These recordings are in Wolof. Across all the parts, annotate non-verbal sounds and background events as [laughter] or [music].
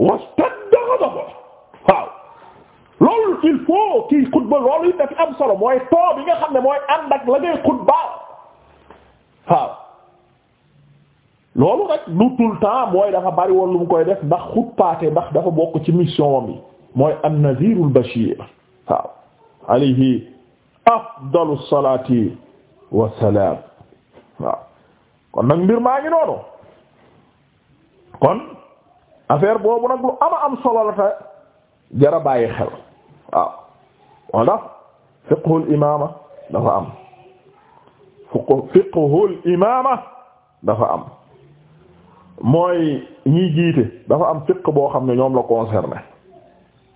wastadda ghadabuhu waaw loolu il faut kii loolu it dafa am mooy too bi nga xam ne mooy ànd ak la ngay xutba loolu rek du tout le mooy dafa bari woon lu mu koy def ndax xutbaate ndax dafa bokk ci mission bi mooy an-Nadhirul Bashir waaw alayhi afdalu salaati wa salaam kon nag mbir maa ngi noonu kon affaire boobu nag lu ama am solo la ta jara xel waaw moo tax fiqhul imaama dafa am fiqhul imaama dafa am mooy ñiy jiite dafa am fiq boo xam ne ñoom la concerné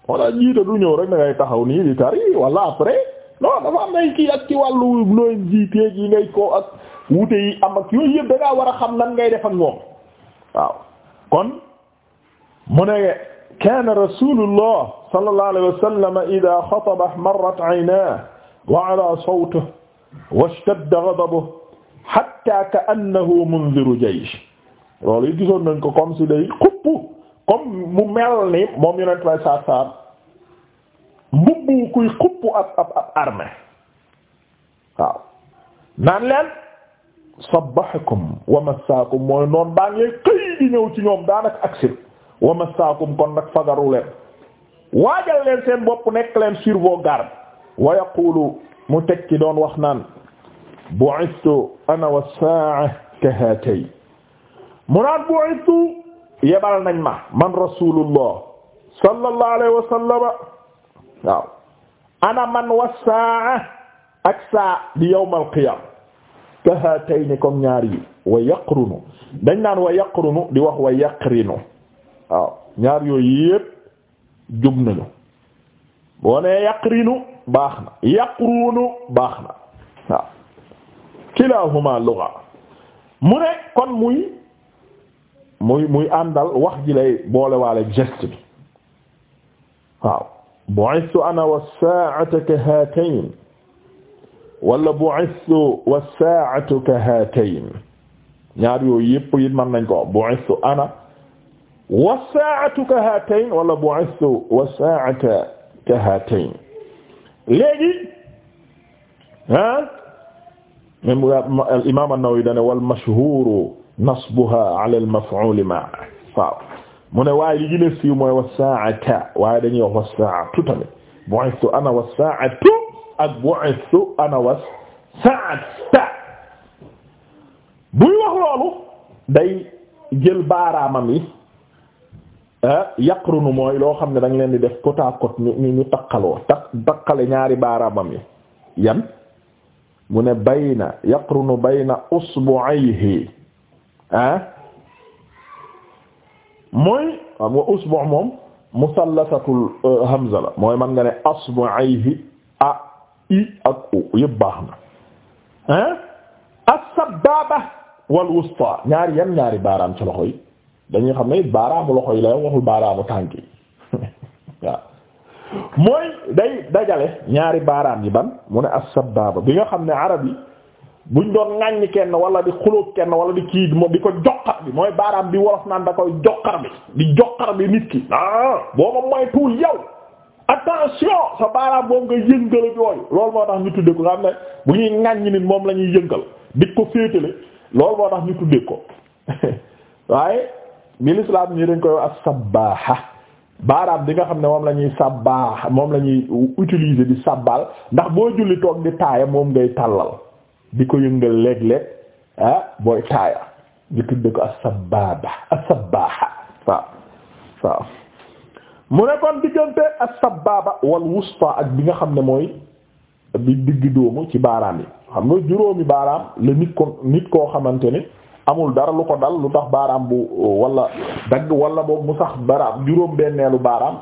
moo tax jiite du ñëw rek da ngay taxaw nii di tari wala après non dafa am nay kii ak ci wàllu nooy jiitee yi ngay ko ak wute yi am ak yooyu yëpp da war a xam nan ngay def ak waaw kon mu ne kaana rasulullah sallallahu alayhi wa sallam idaa xataba ihmarrat aynaahu wa alaa sawtuhu washtadda ghadabuhu hattaa ka'annahu munziru jaysh loolu it gisoon nañ ko comme si day xupp comme mu mel ni moom yonent bay saar saar mbubbu kuy xupp ab ab ab armée waaw naan leen sabbahakum wa massaakum mooy noon baa ngi xëy di ñëw ci ñoom daanaka aksir wa massaakum kon nag fagaru leen waajal leen seen bopp nekk leen sur vos gardes wa yaqulu mu tekki doon wax naan bu'istu ana was-sa'a kahatay mu naan bu'istu yebal nañ ma man rasulullah sallallahu alayhi wa sallam waaw ana man was-sa'a ak saa di yawmal qiyam kahatayni comme ñaar yi wa yaqrunu dañ naan wa yaqrunu di wax wa yaqrinu waaw ñaar yooyu yépp jub nañu boo nee yaqrinu baax na yaqrunu baax na waaw kilahuma lugha mu ne kon muy muy muy àndal wax ji lay boolewaale geste bi waaw bu'ithtu ana was-sa'atu ka hatayn wala bu'ithtu was-sa'atu ka hatayn ñaar yooyu yépp it mën nañ ko bu'ithtu ana wa saa'atu ka haatayn wala bu'ithtu wa saa'ata ka haatayn léegi ah même al imaam an-Nawawi dane wal mashhuuru nasbuha ala al maf'uuli ma'a waaw mu ne waaye li gën a siiw mooy wa saa'ata waaye dañuy wax wa saa'atu tamit bu'ithtu ana wa saa'atu ak bu'ithtu ana wa saa'ata buy wax loolu day jël baaraamam yi Ah, yaqrunu mooy loo xam ne da leen di def côte à côte ñu ñu takkaloo ñaari baaraamam yi yan mu ne bayna yaqrunu bayna usbu'ayhi ah mooy xam nga usbu' moom musallasatul euh, hamza la mooy man nga ne asbu'ayhi a i ak u yëpp baax na ah as ñaari yan ñaari baaraam ci loxo yi dañuy xam ne baaraamu loxo yi la waxul baaraamu tànk yi [laughs] waaw mooy day dajale ñaari baaraam yi ban mu ne as-sababa bi nga xam ne arab yi buñ doon ŋàññ kenn wala di xulóog kenn wala di kii di ko joqar bi mooy baaraam bi wolof naan da koy joqar bi di joqar bi nit ki ah booba mooy tuul yow attention sa baaraam boobu nga yëngal yooyu loolu moo tax ñu tudde ko nga xam ne bu ñuy ŋàññ nit moom lañuy yëngal di ko féetale loolu moo tax ñu tudde [laughs] bil islam ñi dañ koy wax as baaraam bi nga xam ne moom lañuy ñuy moom lañuy ñuy utiliser di sabbal ndax boo julli toog di taaya moom ngay tàllal di ko yëngal léeg-léeg ah, booy taaya di tudde ko as-sabbaaba as-sabbaaha waaw mu ne diggante as-sabbaaba wal wusta ak bi nga xam ne mooy bi digg doomu ci baaraam yi xam nga juróomi baaraam la nit ko nit koo xamante ne amul dara lu ko dal lu tax baaraam bu wala dagg wala boog mu sax baaraam juróom benneelu baaraam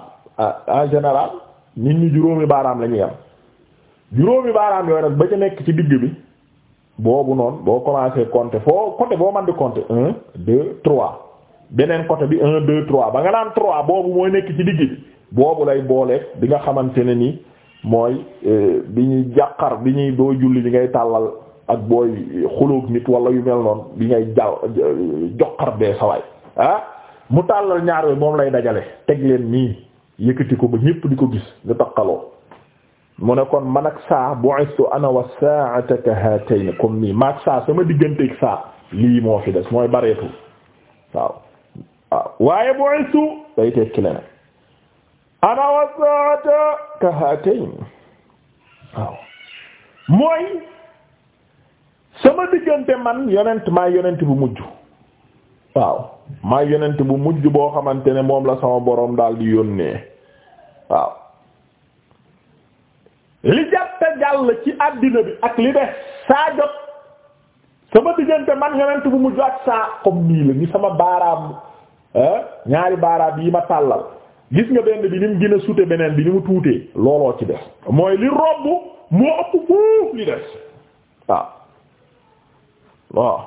en général nit ñi juróomi baaraam la ñuy am juróomi baaraam yooyu nag ba ca nekk ci digg bi boobu noon boo commencé compter foo côté boo mën di compter un deux trois beneen côté bi un deux trois ba nga naan trois boobu mooy nekk ci digg bi boobu lay booleeg bi nga xamante ne ni mooy euh, bi ñuy jàqar bi ñuy doo julli bi ngay tàllal ak booy xulóog nit wala yu mel noonu bi ngay jàll joxar bee sawaay ah mu tàllal ñaar yooyu moom lay dajale teg leen nii yëkkati ko ba ñépp di ko gis ñu taqaloo mu ne kon man ak saa bu'istu ana wa sa'ata ka hatayn comme nii maag saa sama digganteeg saa lii moo fi des mooy bareetu waaw ah, waaye bu'istu day tekki leneen ana wa sa'ata ka hatayn waaw mooy sama diggante man yonent maa yonent bu mujj waaw maa yonent bu mujj boo xamante ne moom la sama boroom daal di yónnee waaw li jàtte jàll ci àddina bi ak li def saa jot sama diggante man yonent bu mujj ak saa comme nii la ni sama baaraam ñaari baaraam yi ma tàllal gis nga benn bi ni mu gën a sute beneen bi ni mu tuutee looloo ci def mooy li romb moo ëpp fuuf li def waaw waaw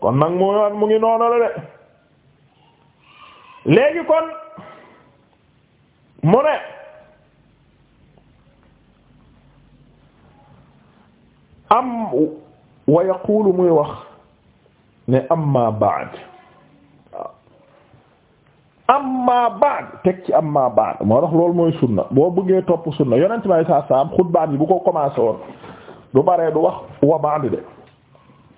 kon nag mu mu ngi noonu la de léegi kon mu ne am wa yaqulu muy wax ne amma am ma ba'd teg ci am amma ba'd moo tax loolu mooy sunna boo bëggee topp sunna yonent bi sallallahu alayhi wasallam xutbaan yi bu ko commencé woon du baree du wax wa ba'd de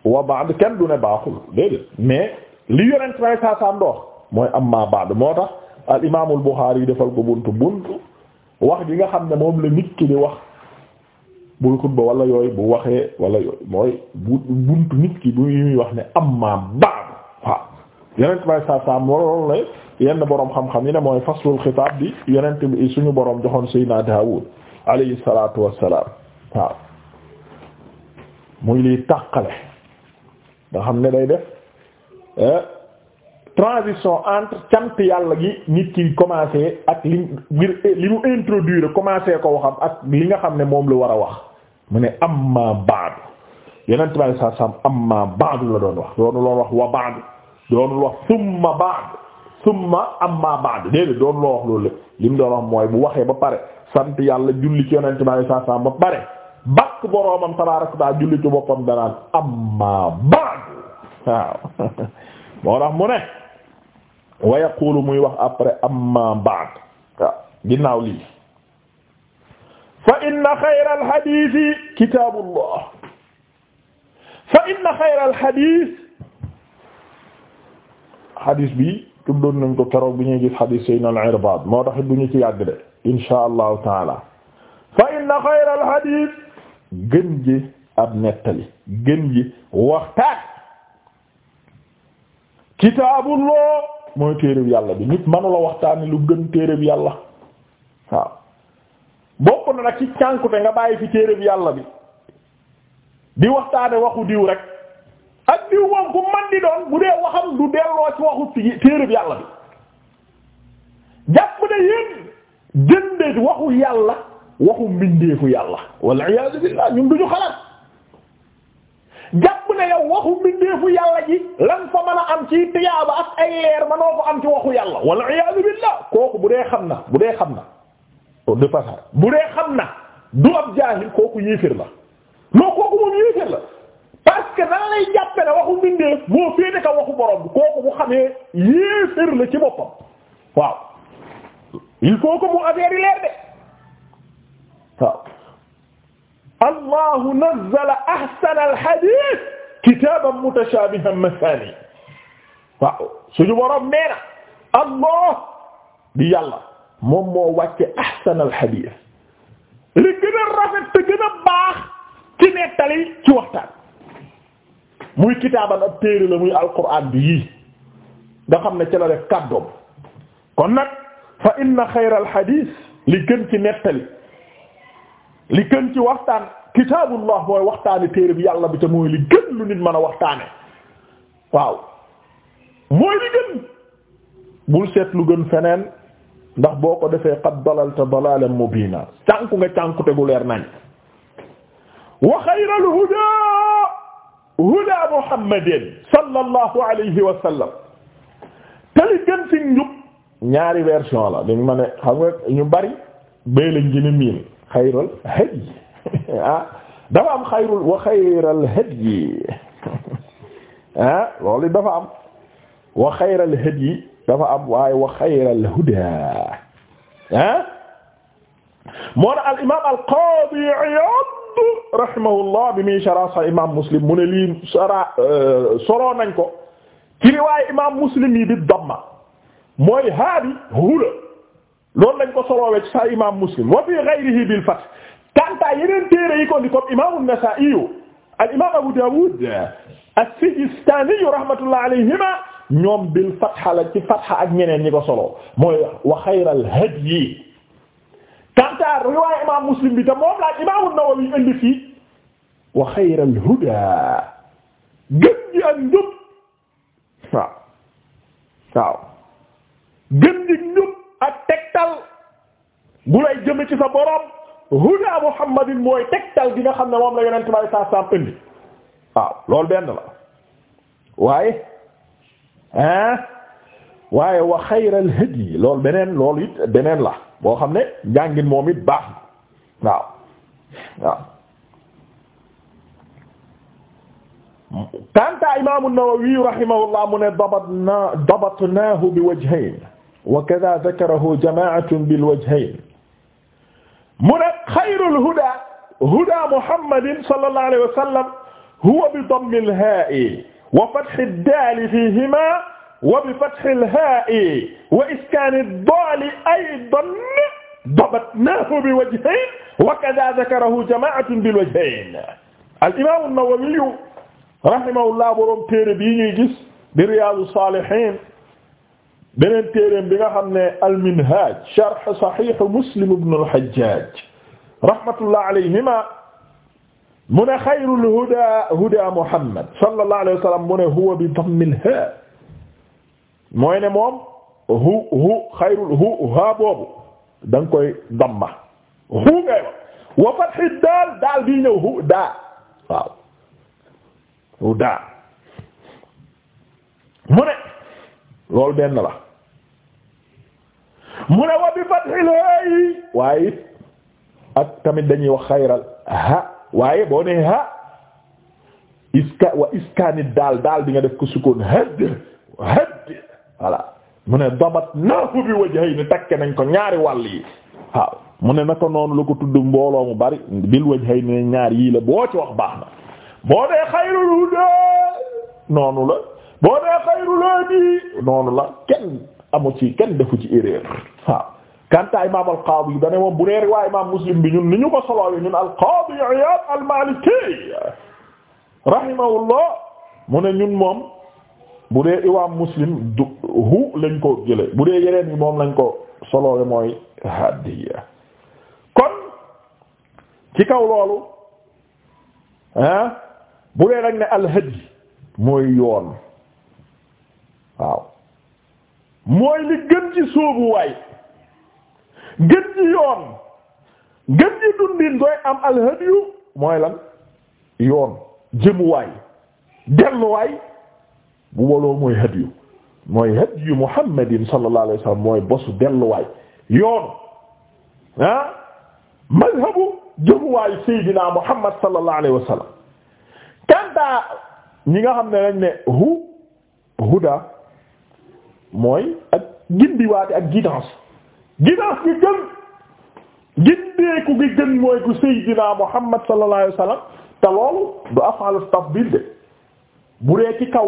wa ba'd kenn du ne baaxul déedéet mais li yonent way saa saa ndox mooy amma ba'd moo tax al imaamul Buxaari yi defal ko buntu buntu wax gi nga xam ne moom la nit ki di wax buy xutba wala yooyu bu waxee wala yooyu mooy bu bunt nit ki bu ñuy wax ne amma ba'd waaw yonent way saa saa loolu la yenn boroom xam-xam yi ne mooy faslul xitaab bi yeneen bi suñu boroom joxoon Seydina Daawuud alayhi salaatu wassalaam waaw muy liy tàqale nga xam ne day def transition entre cant yàlla gi nit ki commencé ak li li mu introduire commencé ko waxam ak li nga xam ne moom la war a wax mu ne am ma amma ba'du yeneen tubaab sa sam amma ba'du la doon wax doonu loon wax wa ba'du doonul wax summa ba'du am amma ba'du déedéet doonu loo wax loolu lépp li mu doon wax mooy bu waxee ba pare sant yàlla julli ci yeneen tubaab sa sam ba pare bakk boroomam tabaaraka daa julli ci boppam danaan amma ba'du [laughs] moo tax mu ne wa yaqulu muy wax après amma ba'd waaw ginnaaw lii fa inna xayra alxadiisi kitaabullah fa inna xayra alxadiis bi tuddoon nañ ko keroog bi ñuy gis xadiis sayyidina al-Irbaad moo tax du ñu ci yàgg de inshaa taala fa inna xayra alxadiis gën ji ab nettali gën ji waxtaan kitaabullah mooy téereb yàlla bi nit manula waxtaani lu gën téereb yàlla waaw bokk na nag ci cànkute nga bàyyi fi téereb yàlla bi di waxtaane waxu diw rek ak diw moom ku man di doon bu dee waxam du delloo ci waxu téereb yàlla bi jàpp ne yéen jënde waxu yàlla waxu mbindeefu yàlla walla iyaazu billaah ñun duñu xalaat jàpp ne yow waxu mbindeefu yàlla ji lan fa mën a am ci tiyaaba ak ay leer manoo ko am ci waxu yàlla walla iyaazu billaah kooku bu dee xam na bu dee xam na bu dee xam na du ab jaahil kooku yéeféer la non kooku moom yéeféer la parce nan lay jàppe ne waxu mbindeef moo féete ka waxu borom kooku bu xamee yéeféer la ci boppam waaw il faut que mu affaire leer de waaw allahu nazzala ahsana alhadith kitaban mutashabihan mathani waaw suñu boroom nee na allah di yàlla moom moo wàcce ahsana alhadith li gën a rafet te baax ci nettali ci waxtaan muy kitaaban ab téere la muy alquraan bi yii nga ne ci la def kàddoom kon nag fa inna xayra alhadith li gën ci nettali li gën ci waxtaan kitaabullah mooy waxtaane téere bi yàlla bi te mooy li gën lu nit mën a waxtaane waaw mooy li gën bul seet lu gën feneen ndax boo ko defee qad dalalta dalalan mubina cànku nga cànku te gu leer nañ wa xayral huda huda muhammadin sallallahu alayhi wa sallam te li gën ci njub ñaari version la dañ ma ne xam nga ñu bari bay lañ gën a miin xayral hadyi ah dafa am xayrul wa xayral hadyi ah loolu dafa am wa xayral hadyi dafa am waaye wa xayral hudaa ah moo na al imaam al qaadi Iyaad rahimahullah bi muy sharh Sahih imaam Muslim mu ne lii sara euh, solo nañ ko ci riwaaya imaam Muslim yi bi damma mooy haabi hula loolu lañ ko soloowe ci sa imam muslim wa fi ghayrihi bil fath kanta yeneen téere yi ko ni imam an-nasa'i al dawud as-sijistani rahmatullah alayhima ñoom bil fatha la ci fatha ak ñeneen ñi ko solo mooy wa xayral hadyi kanta riwaaya imam muslim bi la imam an-nawawi indi fii wa xayral huda gën ji ak njub waaw ak tegtal bu lay jëme ci sa borom huda muhammadin mooy nga xam ne moom la yonent bi saa saam indi benn la waaye ah waaye wa xayral hadi loolu beneen loolu la boo xam ne njàngin moom it baax waaw mu ne dabatna dabatnaahu bi wajhayn wa kaza dakarahu jamaatun bil wajhayn mu ne xayrul huda huda muhammadin sallallahu alayhi wa sallam huwa bi dammil haa'i wa fathid daali fiihimaa wa bi fathil haa'i wa iskaanid daali aydan dabatnaahu bi wajhayn wa kaza dakarahu jamaatun bil wajhayn al imaamu nawawiyu rahimahullah boroom téere bii ñuy gis bi riyaadu saalihiin beneen téereem bi nga xam ne al-Minhaj sharh Sahih Muslim ibn al-Hajjaj rahmatullah alayhima mu ne xayrul huda huda Muhammad sallallahu alayhi wa sallam mu ne huwa bi dammil ha mooy ne moom hu hu xayrul hu ha boobu da nga koy damma hu ngay wax wa fathi daal daal bi ñëw hu daa waaw hu daa mu ne loolu benn la mu ne wa bi fathil haayi waaye ak tamit dañuy wax xayral ha waaye boo ne ha iska wa iskaanit daal daal di def ko sukkoon hadd hadd voilà mu ne dabat naahu bi wajhay ni takke nañ ko ñaari wàll yi waaw mu ne na ko noonu lu ko tudd mbooloo mu bari bil wajhay ne ñaar yii la boo ci wax baax na boo dee xayrul huda noonu la boo dee xayrul hadi noonu la kenn amu ci kenn defu ci erreur waaw kanta imam al dane moom bu nee riwaay imam muslim bi ñun ni ñu ko soloowe ñun al qaadi iyaad al maliki mu ne ñun moom bu dee imaam muslim hu lañ ko jële bu dee yeneen moom lañ ko soloowe mooy hadiya kon ci kaw loolu ah bu dee rek ne al hadi mooy yoon waaw mooy li gën ci sóobuwaay gën ci yoon gën ci dundin doy am alhadiyu mooy lan yoon jëmuwaay delluwaay bu waloo mooy hadiyu mooy hadiyu muhammadin sallallahu alayhi wasallam mooy bosu delluwaay yoon ah mazhabu jëmuwaay seydina muhammad sallallahu alayhi wasallam kanta ñi nga xam ne lañ ne hu huda mooy ak gindiwaate ak guidance guidance gi gën gindeeku gi gën mooy ku Seydina Muhammad sallallahu alayhi wasallam te loolu du afaalu tafdil de bu dee ci kaw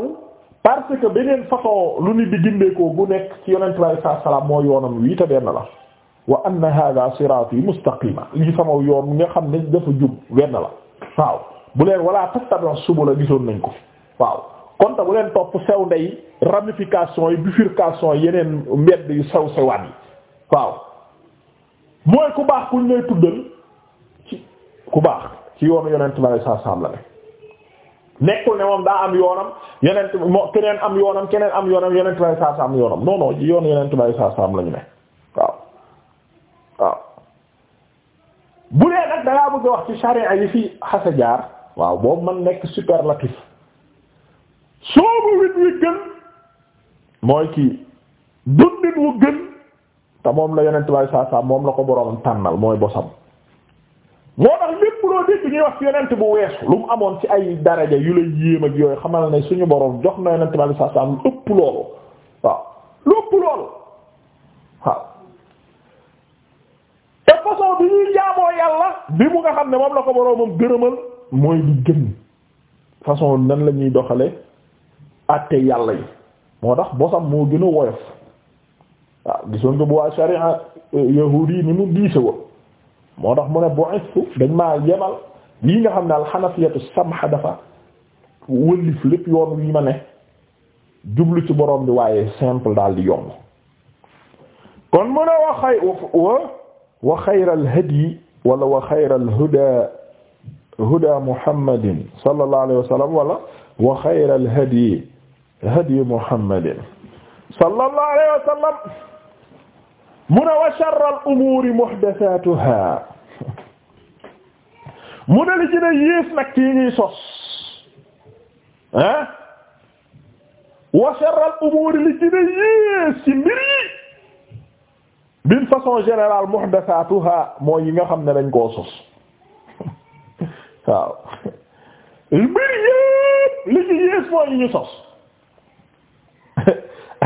parce que beneen façon lu nit di gindeekoo gu nekk ci yonent bi alayhi salaam moo yoonam wii te benn la wa anna hadha sirati mustaqima lii sama yoon nga xam ne dafa jub wenn la waaw bu leen wala tattabi'u subula gisoon nañ ko waaw kon ta bu leen topp sew ndey ramification yi bifurcation yeneen mbedd yu sew sewaat yi waaw mooy ku baax kuñ lay tuddal ci ku baax ci yoonu yonent bi sallallahu alayhi wasallam la nekkul ne moom daa am yoonam yonent moo keneen am yoonam keneen am yoonam yonent bi sallallahu alayhi wasallam yoonam non non ci yoonu yonent bi sallallahu alayhi wasallam ñu ne waaw waaw bu lee nag dangaa bëgg a wax ci sharia yi fi xasa waaw boobu man nekk superlatif soobu wit wi gën mooy kii dundin wu gën te moom la yonent baay saa saa moom la ko boroomam tànnal mooy bosam moo tax lépp loo dégg ñuy wax yonent bu weesu lu mu amoon ci ay daraja yu la yéem ak yooyu xamal ne suñu boroom jox na yonent baay saa saa lu ëpp loolu waaw lu ëpp loolu waaw te façon bi ñuy jaamoo yàlla bi mu nga xam ne moom la ko boroomam gërëmal mooy di gën façon nan la ñuy doxale àtte yàlla yi moo tax bosam moo gën a woyof waaw gisoon nga bu waa sharia euh, yahudi ni mu diise woon moo tax mu ne bu'istu dañ maa yebal lii nga xam ne alxanafiyatu samha dafa wëllif lépp yoon wi ma ne jublu ci borom bi waaye simple daal di yomb kon mu ne wa xay wa wa xayral hadi wala wa xayral huda huda muhammadin sallallahu alayhi wa sallam wala wa xayral hadi hadiyu muhammadin sallallahu alayhi wa sallam mu ne wa sharral umuuri muhdathatuha mu ne li ci ne yées nag sos ah wa sharral umuuri li ci ne yées ci mbir yi façon générale muhdathatuha mooy yi nga xam ne dañ koo sos [laughs] waaw mbir yépp li ci yées mooy yi sos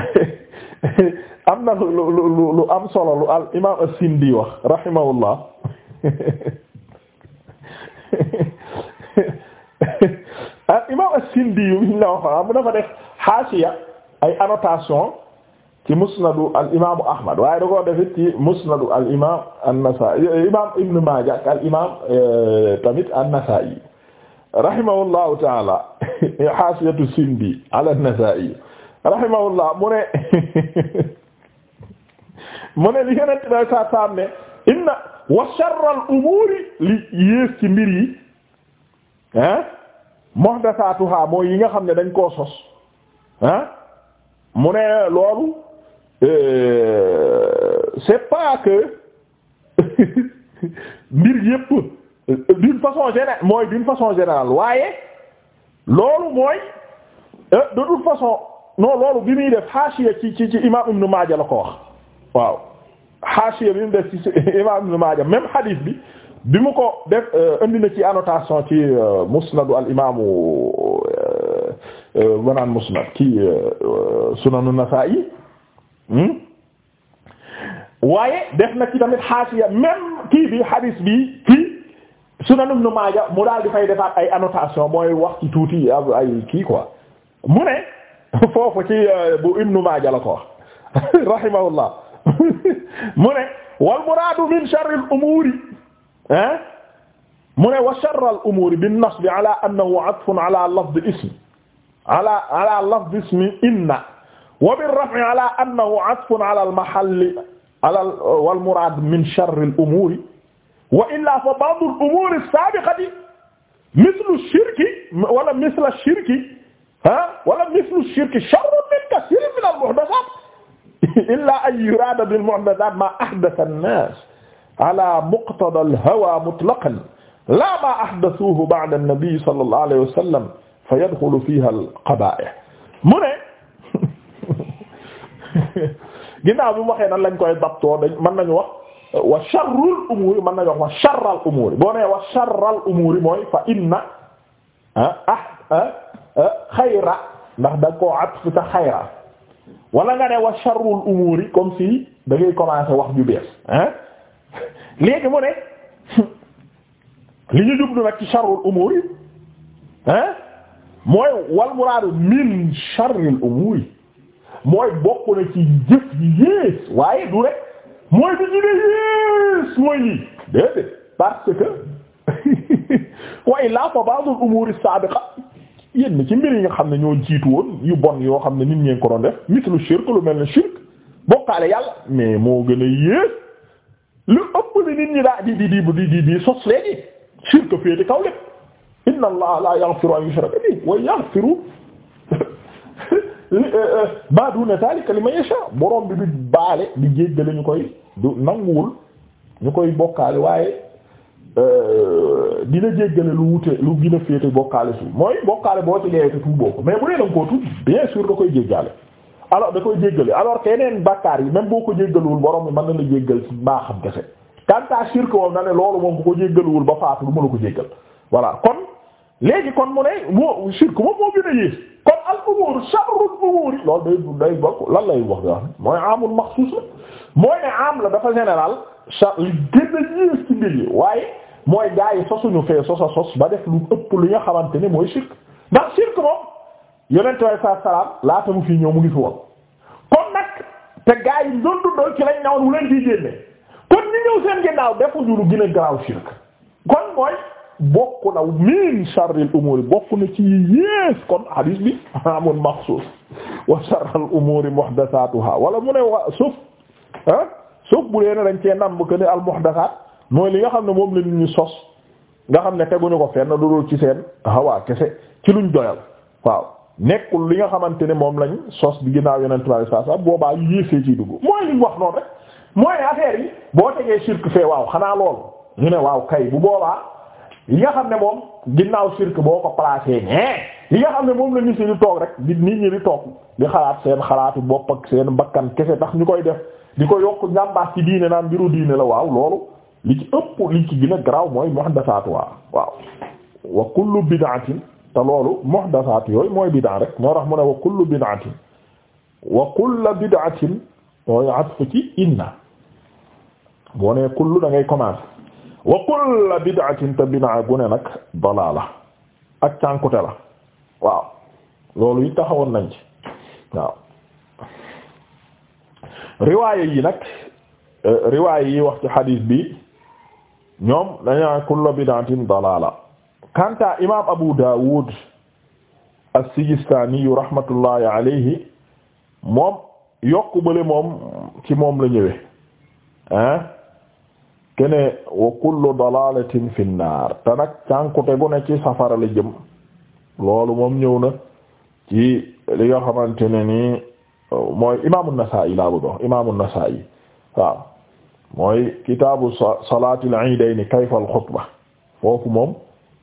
[laughs] am na lu lu lu am solo lu al imaam as-Sindi wax rahimahullah [laughs] al imaam as-Sindi yu ñu la wax am dafa def xaasiya ay annotation ci musnadu al imaamu Ahmad waaye da koo def ci musnadu al imaam an-Nasaa'i imaam Ibn Maaja al imaam eh, tamit an-Nasaa'i rahimahullahu ta'ala xaasiyatu [laughs] Sindi ala an-Nasaa'i rahimahullah mu ne [laughs] mu ne li yonent bay saa saam ne inna wa sharral umuuri li yées ci mbir yi ah muhdathatuha mooy yi nga xam ne dañ koo sos ah mu ne loolu euh, c'est pas que [laughs] mbir yépp d'une façon générale mooy d'une façon générale waaye loolu mooy euh, de toute façon non loolu bi muy def xaasiya ci ci ci imaam Ibn Maaja la ko wax waaw xaasiya bi mu def ci imaam Ibn Maaja même hadith bi bi mu ko def euh, indi ci annotation ci euh, musnadu al imaamu wanaan euh, musnad ki sunanu Nasaa'i hmm? waaye def na ci tamit xaasiya même kii bi hadith bi kii sunan Ibn Maaja mu daal defaat ay annotation mooy wax ci tuuti ay kii quoi mu ne. [laughs] foofu ci euh, bu Ibnu Maaja la ko wax [laughs] rahimahullah [laughs] mu ne wal muraadu min sharri al umuuri ah mu ne wa sharri al umuuri bin nasbi ala annahu atfun ala lafdi ismi ala ala lafdi ismi inna wa bir raf'i ala annahu atfun ala al mahalli ala wal muraad min sharri al umuuri wa illaa fa ba'du al umuuri as-saabiqati mislu shirki wala misla shirki ah wala mislu shirki sharrun min kathirin min al-muhdathat [laughs] illa an yurada bil muhdathat ma ahdatha an-nas ala muqtada al-hawa mutlaqan la ma ahdathuhu ba'da an-nabi sallallahu alayhi wa sallam fa yadkhulu fiha al-qaba'ih mu ne [laughs] ginnaaw bi mu waxee nan lañ koy dabtoo dañ mën nañu wax wa sharrul umuri mën nañu wax wa sharral umuri boo nee wa sharral umuri mooy fa inna ah ah, ah xayra ndax da nga koo at ta xayra wala nga ne wa sharrul umuri comme si da ngay commencer wax ju bees ah léegi mu ne li ñu jublu nag ci sharrul umuri ah mooy wal muraadu min sharril umuri mooy bokk na ci jëf waaye du rek mooy bi ñu ne mooy lii déedéet parce que [laughs] wa illaa fa ba'dul umuri saabiqa yenn ci mbir yi nga xam ne ñoo jiitu woon yu bon yoo xam ne nit ñeen ko doon def mislu shirk lu mel ne shirk bokkaale yàlla mais moo gën a yées lu ëpp li nit ñi daa di di di di di di shirk féete kaw lépp inna allaha la yaghfiru an yushraka bihi wa yaghfiru ma euh, euh, duna zalika liman yasha borom bi du baale di jéggale ñu koy du nanguwul ñu koy bokkaale waaye euh, dina jéggale lu wute lu gën a féete bokkaale suuf mooy bokkaale boo ci dee tuuboo ko mais bu dee da nga koo tuub bien sûr da koy jéggale alors da koy jéggale alors keneen bakkaar yi même boo ko jéggaluwul borom bi mën na la jéggal ci mbaaxam kese kanta shirk woom na ne loolu moom bu ko jéggaluwul ba faatu du ma la ko jéggal voilà kon léegi kon mu ne moo shirk moom moo gën a yées kon al umuur sharrul umuur loolu day day bokk lan lay wax da mooy amul maxsuus la mooy ne am la dafa général char li gën a ci mbir waaye mooy gaa yi sosuñu fee sosa sos ba def lu ëpp lu nga xamante ni mooy shirk ndax shirk moom yonent way sa salaam laata mu fii ñëw mu ngi fi woon kon nag te gaa yi doon dundal ci lañ nawoon wu leen fii génne kon ñu ñëw seen ginnaaw defuñu lu gën a garaaw shirk kon mooy bokk na min sharril umuri bokk na ci yées kon hadis bi [laughs] amun maxsuus wa sharril umuri muhdathatuha wala mu ne wa suuf ah bu leen dañ cee nam bu ko ne al muhdathat mooy li nga xam ne moom la nit ñi sos nga xam ne teguñu ko fenn dudul ci seen hawaa kese ci luñ doyal waaw nekkul li nga xamante ne moom lañu sos bi ginnaaw yeneen tubaab saa saa boobaa yu yéesee ciy dugg mooy liñ wax noonu rek mooy affaire yi boo tegee sirk fee waaw xanaa loolu ñu ne waaw kay bu boobaa li nga xam ne moom ginnaaw sirk boo ko placé nee li nga xam ne moom la nit ñi di toog rek di nit ñi di toog di xalaat seen xalaatu bopp ak seen bakkan kese tax ñu koy def di ko yokk njàmbaas ci diine naan mbiru diine la waaw li ci ëpp li ci gën a garaaw mooy muhdathaat waa waaw wa kullu bid'atin te loolu muhdathaat yooyu mooy bid'a rek moo tax mu ne wa kullu bid'atin wa kullu bid'atin mooy atfu ci inna boo nee kullu da ngay commencer wa kullu bid'atin te bid'a gu ne nag dalaala ak cànkute la waaw loolu yi taxawoon nañ ci waaw riwaaye yi nag eh, riwaaye yi wax ci xadiis bi ñoom dañaa kullu bid'atin dalaala kanta imam Abu Dawud as-Sijistani rahmatullahi alayhi moom yokku bale moom ci moom la ñëwee ah kene wa kullu dalalatin fi nnaar te nag ci safara la jëm loolu moom ñëw na ci li nga xamante ne nii mooy imaamu Nasaa'i laa bu dox imaamu Nasaa'i waaw mooy kitaabu salaatil iidayni kayfal xutba foofu moom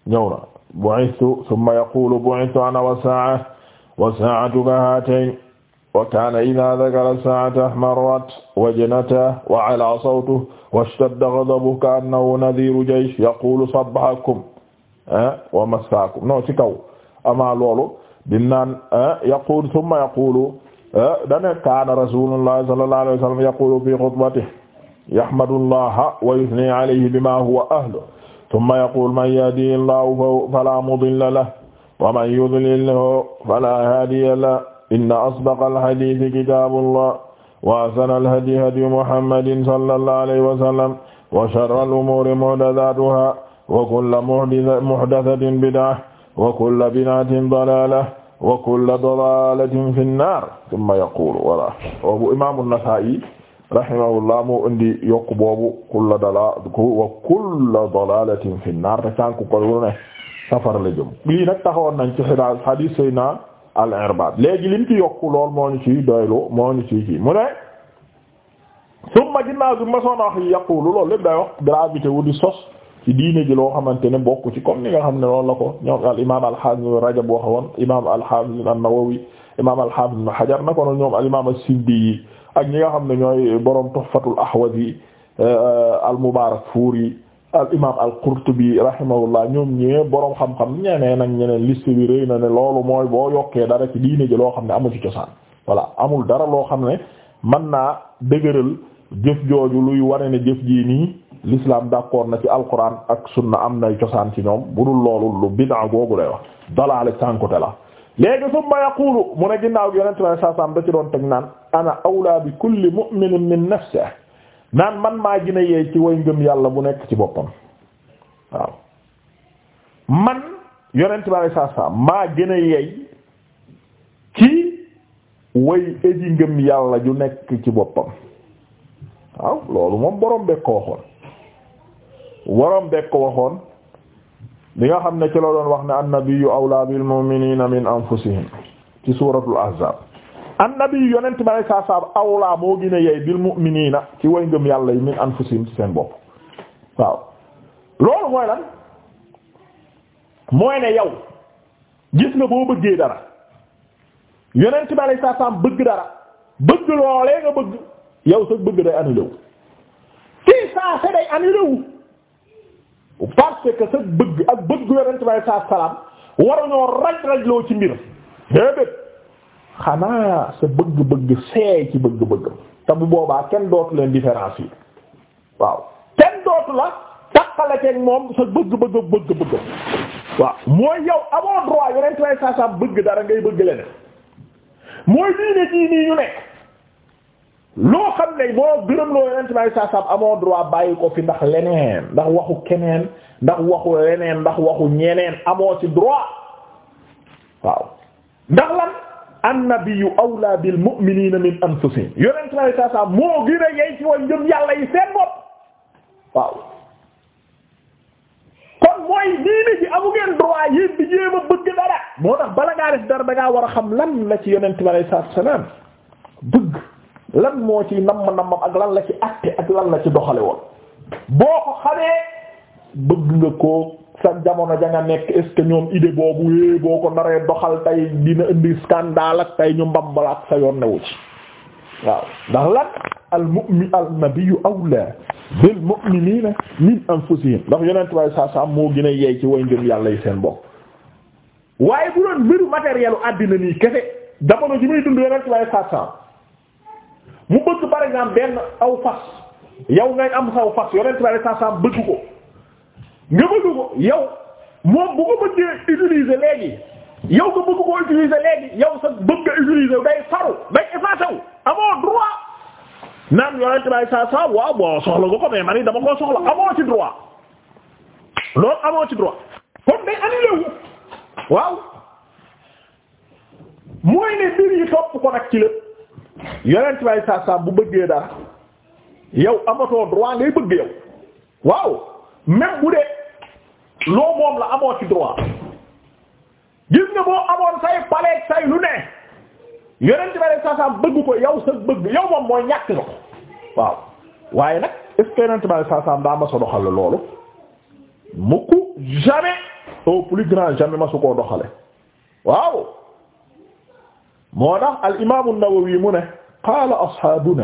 ñëw na bu'istu summa yaqulu bu'istu ana wa sa'a wa sa'atu ka haatayn wa kaana idaa dakara saa'ata ahmarat wajnatahu wa alaa sawtuhu washtadda ghadabuhu ka-annahu nadiiru jaysh yaqulu sabbahakum eh, wa massaakum no ci kaw amaa loolu dinaan eh, yaqulu summa yaqulu eh, dane kaana rasuulullahi sallallahu alayhi wa sallam yaqulu fi xutbatihi yahmadullaha wa yusni alayhi bima huwa ahlu thumma yaqul man yahdihi llahu fala mudilla lahu wa man yudlilhu fala hadiya lahu inna asdaqal hadiisi kitaabullah wa ahsanal hadyi hadyu muhammadin sallallahu alayhi wa sallam wa sharral umuuri muhdathatuha wa kullu muhdathatin bid'a wa kullu bid'atin dalaala wa kullu dalaalatin fin naar thumma yaqulu wala wa bu imaamu Nasaa'i rahimahullah moo indi yokk boobu kulla dala wa kulla dalalatin fi naar te cànk ko lu ne safara la jëm lii nag taxawoon nañ ci xida hadis sayna al Irbaad léegi lim yokk lool moo ñu doylu moo ñu ci mu ne summa ginnaaw bi masoon a wax yi yaqulu loolu lépp day wax gravité wu sos ci diine ji loo xamante ne bokk ci comme ni nga xam ne loolu al imaam al Haafiz ibn Rajab waxoon imaam al Haafiz an Hajar na ko noonu ñoom al imaam as-Sindi ak ñi nga xam ne ñooy borom tuhfatul ahwazi euh, al mubarakfuri al imaam al qurtubi rahimahullah ñoom ñee borom xam-xam ñeneen ak ñeneen liste bi rëy na ne loolu mooy boo yokkee dara ci diine ji loo xam ne amu ci cosaan voilà amul dara loo xam ne man naa dëgëral jëf jooju luy wane ne jëf jii nii l'islam d'accord na ci alquran ak sunna am nay cosaan ci ñoom budul loolu lu bid'a googu lay wax dalaale sànkute la léegi summa yaqulu mu ne ginnaaw gi yonente bi da ci doon teg naan ana awla bi kulli mu'minin min nafsihi naan man maa gën yeey ci way ngëm yàlla bu nekk ci boppam waaw man yonente bi maa gën a yeey ci way ngëm yàlla ju nekk ci boppam waaw loolu moom borom bek ko waxoon borom bek ko waxoon li nga xam ne ci la doon wax ne annabiyyu awlaa bil mu'miniina min anfusihim ci suuratul ahzaab annabiyyu yonent bi alayhi salaam awlaa moo gën a yey bil mu'miniina ci way ngëm yàlla yi min anfusihim seen bopp waaw loolu mooy lan mooy ne yow gis nga boo bëggee dara yonent bi alayhi salaam bëgg dara bëgg loolee nga bëgg yow sax bëgg day annulé kii saa se day annulé parce que sa bëgg ak bëgg yonent bay saa salaam waruñoo raj-rajloo ci mbir déedéet xanaa sa bëgg-bëgg seey ci bëgg-bëgg te bu boobaa kenn dootu leen différence yi waaw kenn dootu la takkale teeg moom sa bëgg-bëgg bëgg-bëgg waaw mooy yow amoo droit yonent bay saa salaam bëgg dara ngay bëgg leneen mooy diine jii nii ñu nekk loo xam ne boo gërëm loo yonent bi saa saam amoo droit bàyyi ko fi ndax leneen ndax waxu keneen ndax waxu leneen ndax waxu ñeneen amoo ci droit waaw ndax lan annabiyyu awlaa bil mu'miniina min anfusihim yonent bi saa moo gën a yey ci way njëm yàlla yi seen bopp waaw kon mooy diine ji amu ngeen droit yéen di jéem a bëgg dara moo tax bala ngaa def dara da war a xam lan la ci yonent bi saa salaam lan moo ci namm nammam ak lan la ci acte ak lan la ci doxale woon boo ko xamee bëgg nga ko sa jamono ja nga nekk est ñoom idée boobu boo ko naree doxal tey dina indi scandale ak tey ñu mbambal ak sa yoon newu ci waaw ndax lan al mu'min al nabiyyu awla bil mu'minina min anfusihim ndax yonent waaye saa saa moo gën a yeey ci way ngëm yàlla yi seen bopp waaye bu doon mbiru matériel àddina nii kese jamono ji muy dund yonent waaye saa mu bëgg par exemple benn aw fas yow ngay am saw fas yonent bi alayhi salaam bëgg ko nga bëgg ko yow moom bu ko bëggee utiliser léegi yow ko bëgg koo utiliser léegi yow sa bëgg a utiliser day faru day effacé wu amoo droit naan yonent bi alayhi salaam waaw boo soxla nga ko mais man dama koo soxla amoo ci droit loolu amoo ci droit kon day annulé wu waaw mooy ne mbir topp ko nag ci lépp. yonent bi ay saasaam bu bëggee dara yow amatoo droit ngay bëgg yow waaw même bu dee loo moom la amoo ci droit gis nga boo amoon say paleeg say lu ne yonent bi ay saasaam bëgg ko yow sa bëgg yow moom mooy ñàkk nga ko waaw waaye nag est-ce que yonent daa ma sa doxal loolu mukk jamais au plus grand jamais ma su koo doxale waaw moo tax al imaamu Nawawi mu ne qaala ashaabuna